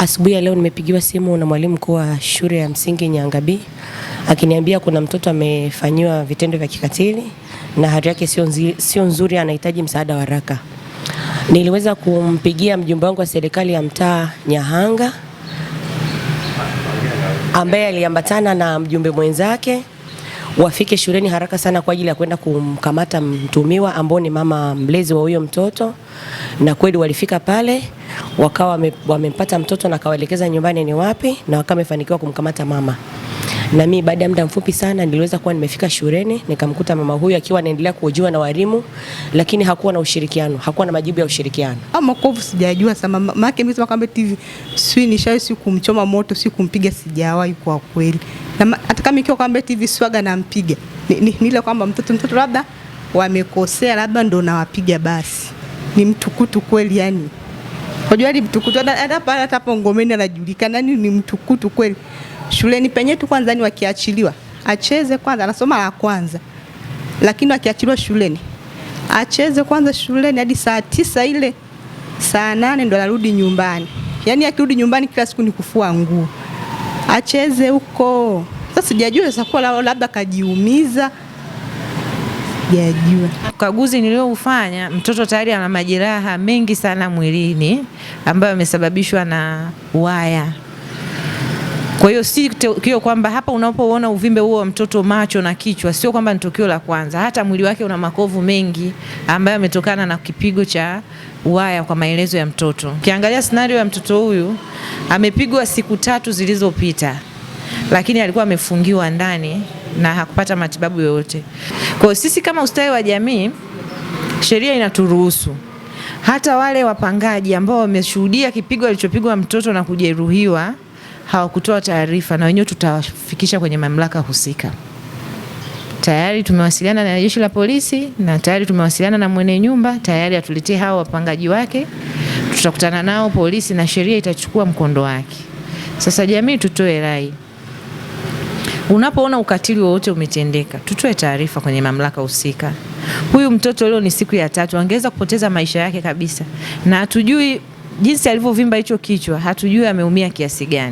Asubuhi ya leo nimepigiwa simu na mwalimu mkuu wa shule ya msingi Nyangabi akiniambia kuna mtoto amefanyiwa vitendo vya kikatili na hali yake sio nzuri, anahitaji msaada wa haraka. Niliweza kumpigia mjumbe wangu wa serikali ya mtaa Nyahanga ambaye aliambatana na mjumbe mwenzake wafike shuleni haraka sana kwa ajili ya kwenda kumkamata mtumiwa ambao ni mama mlezi wa huyo mtoto, na kweli walifika pale wakawa wamempata mtoto na kawaelekeza nyumbani ni wapi, na wakawa wamefanikiwa kumkamata mama. Na mimi baada ya muda mfupi sana niliweza kuwa nimefika shuleni nikamkuta mama huyu akiwa anaendelea kuhojiwa na walimu, lakini hakuwa na ushirikiano, hakuwa na majibu ya ushirikiano. Ama ah, makovu sijajua sana yake, mimi sema kama TV si nishawahi si kumchoma moto si kumpiga sijawahi kwa kweli na hata kama ikiwa kwamba eti hivi swaga nampiga ni ni, ile kwamba mtoto mtoto labda wamekosea labda ndo nawapiga basi, ni mtukutu kweli yani Unajua ni mtukutu hata pale hata hapo ngomeni anajulikana nani ni mtukutu kweli. Shuleni penye tu kwanza ni wakiachiliwa. Acheze kwanza anasoma la kwanza. Lakini wakiachiliwa shuleni. Acheze kwanza shuleni hadi saa tisa ile saa nane ndo anarudi nyumbani. Yaani akirudi nyumbani kila siku ni kufua nguo acheze huko. Sasa sijajua kwa labda kajiumiza, sijajua. Ukaguzi nilioufanya mtoto tayari ana majeraha mengi sana mwilini ambayo yamesababishwa na waya kwa hiyo si tukio kwamba hapa unapoona uvimbe huo wa mtoto macho na kichwa, sio kwamba ni tukio la kwanza. Hata mwili wake una makovu mengi ambayo ametokana na kipigo cha waya, kwa maelezo ya mtoto. Ukiangalia scenario ya mtoto huyu, amepigwa siku tatu zilizopita, lakini alikuwa amefungiwa ndani na hakupata matibabu yoyote. Kwa hiyo sisi kama ustawi wa jamii, sheria inaturuhusu hata wale wapangaji ambao wameshuhudia kipigo alichopigwa mtoto na kujeruhiwa hawakutoa taarifa, na wenyewe tutawafikisha kwenye mamlaka husika. Tayari tumewasiliana na jeshi la polisi na tayari tumewasiliana na mwenye nyumba, tayari atuletee hao wapangaji wake, tutakutana nao polisi na sheria itachukua mkondo wake. Sasa jamii, tutoe rai, unapoona ukatili wowote umetendeka, tutoe taarifa kwenye mamlaka husika. Huyu mtoto leo ni siku ya tatu, angeweza kupoteza maisha yake kabisa, na hatujui jinsi alivyovimba hicho kichwa, hatujui ameumia kiasi gani.